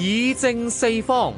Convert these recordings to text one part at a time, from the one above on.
議政四方。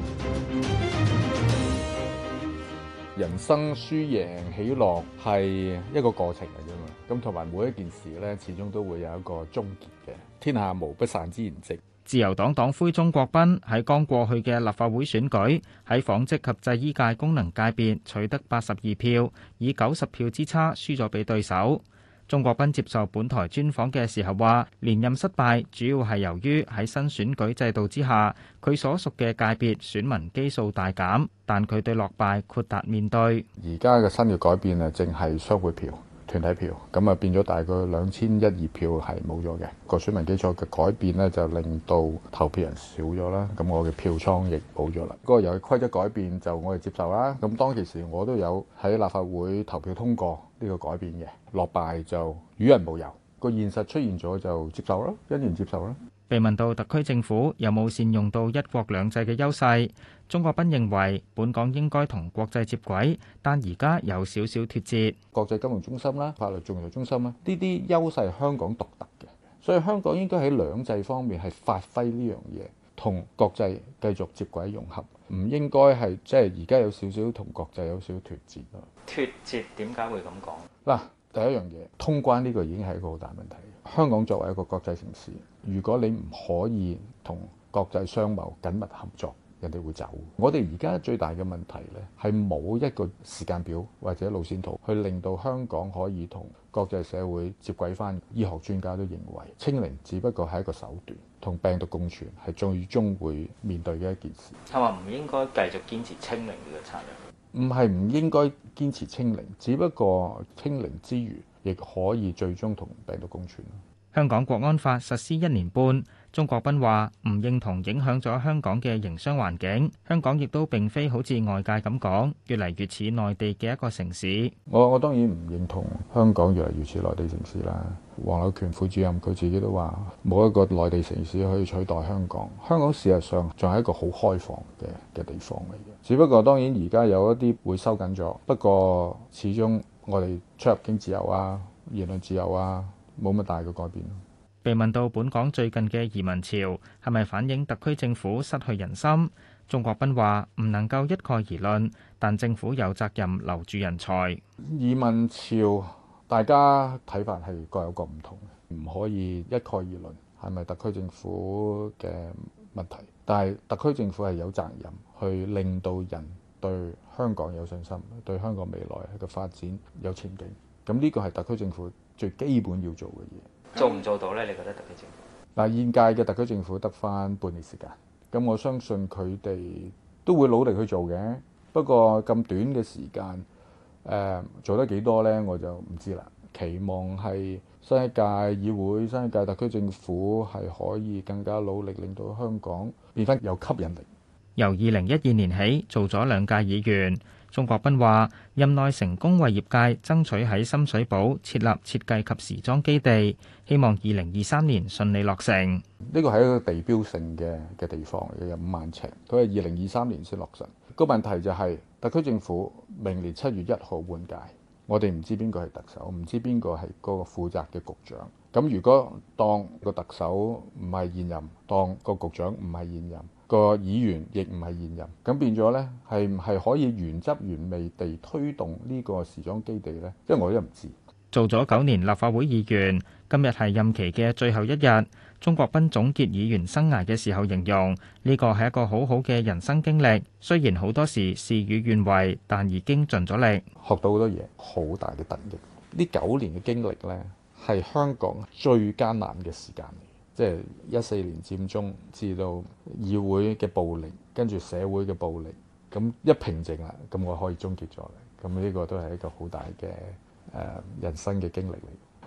人生輸贏喜樂係一個過程嚟啫嘛。咁同埋每一件事咧，始終都會有一個終結嘅。天下無不散之筵席。自由黨黨魁鍾國斌喺剛過去嘅立法會選舉喺紡織及製衣界功能界別取得八十二票，以九十票之差輸咗俾對手。鍾國斌接受本台專訪嘅時候話，連任失敗主要係由於喺新選舉制度之下，佢所屬嘅界別選民基數大減。但佢對落敗豁達面對。而家嘅新嘅改變啊，淨係商會票。團體票，咁啊變咗大概兩千一二票係冇咗嘅個選民基礎嘅改變咧，就令到投票人少咗啦。咁我嘅票倉亦冇咗啦。嗰個遊戲規則改變，就我哋接受啦。咁當其時我都有喺立法會投票通過呢個改變嘅，落敗就與人無尤。個現實出現咗就接受啦，欣然接受啦。被問到特區政府有冇善用到一國兩制嘅優勢，鍾國斌認為本港應該同國際接軌，但而家有少少脫節。國際金融中心啦，法律仲裁中心啦，呢啲優勢香港獨特嘅，所以香港應該喺兩制方面係發揮呢樣嘢，同國際繼續接軌融合，唔應該係即係而家有少少同國際有少少脫節咯。脫節點解會咁講？嗱，第一樣嘢通關呢個已經係一個好大問題。香港作為一個國際城市，如果你唔可以同國際商貿緊密合作，人哋會走。我哋而家最大嘅問題呢，係冇一個時間表或者路線圖，去令到香港可以同國際社會接軌翻。醫學專家都認為，清零只不過係一個手段，同病毒共存係最終會面對嘅一件事。係咪唔應該繼續堅持清零呢個策略？唔係唔應該堅持清零，只不過清零之餘，亦可以最終同病毒共存。香港國安法實施一年半，鍾國斌話唔認同影響咗香港嘅營商環境。香港亦都並非好似外界咁講，越嚟越似內地嘅一個城市。我我當然唔認同香港越嚟越似內地城市啦。黃柳權副主任佢自己都話，冇一個內地城市可以取代香港。香港事實上仲係一個好開放嘅嘅地方嚟嘅。只不過當然而家有一啲會收緊咗，不過始終。我哋出入境自由啊，言論自由啊，冇乜大嘅改變。被問到本港最近嘅移民潮係咪反映特區政府失去人心，鍾國斌話唔能夠一概而論，但政府有責任留住人才。移民潮大家睇法係各有各唔同，唔可以一概而論，係咪特區政府嘅問題，但係特區政府係有責任去令到人對香港有信心，對香港未來嘅發展有前景，咁呢個係特區政府最基本要做嘅嘢。做唔做到呢？你覺得特區政府？嗱，現屆嘅特區政府得翻半年時間，咁我相信佢哋都會努力去做嘅。不過咁短嘅時間，呃，做得幾多呢？我就唔知啦。期望係新一屆議會、新一屆特區政府係可以更加努力，令到香港變翻有吸引力。由二零一二年起做咗兩屆議員，鍾國斌話任內成功為業界爭取喺深水埗設立設計及時裝基地，希望二零二三年順利落成。呢個係一個地標性嘅嘅地方，有五萬尺，佢係二零二三年先落成。個問題就係特區政府明年七月一號換屆，我哋唔知邊個係特首，唔知邊個係嗰個負責嘅局長。咁如果當個特首唔係現任，當個局長唔係現任。個議員亦唔係現任，咁變咗呢，係唔係可以原汁原味地推動呢個時裝基地呢？因為我都唔知。做咗九年立法會議員，今日係任期嘅最後一日，鍾國斌總結議員生涯嘅時候形容：呢個係一個好好嘅人生經歷。雖然好多時事與願違，但已經盡咗力，學到好多嘢，好大嘅得益。呢九年嘅經歷呢，係香港最艱難嘅時間。即係一四年佔中，至到議會嘅暴力，跟住社會嘅暴力，咁一平靜啦，咁我可以終結咗啦。咁呢個都係一個好大嘅誒、呃、人生嘅經歷嚟。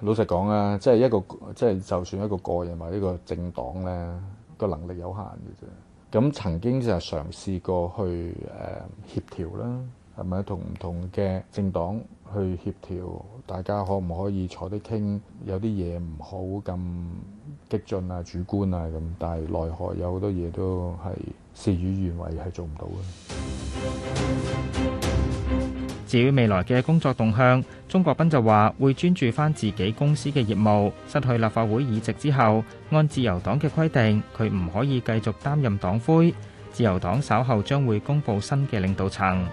老實講啊，即係一個即係，就算一個個人或者一個政黨咧，個能力有限嘅啫。咁曾經就係嘗試過去誒、呃、協調啦，係咪同唔同嘅政黨去協調？大家可唔可以坐啲傾？有啲嘢唔好咁。激進啊、主觀啊咁，但係奈何有好多嘢都係事與願違，係做唔到嘅。至於未來嘅工作動向，鍾國斌就話會專注翻自己公司嘅業務。失去立法會議席之後，按自由黨嘅規定，佢唔可以繼續擔任黨魁。自由黨稍後將會公布新嘅領導層。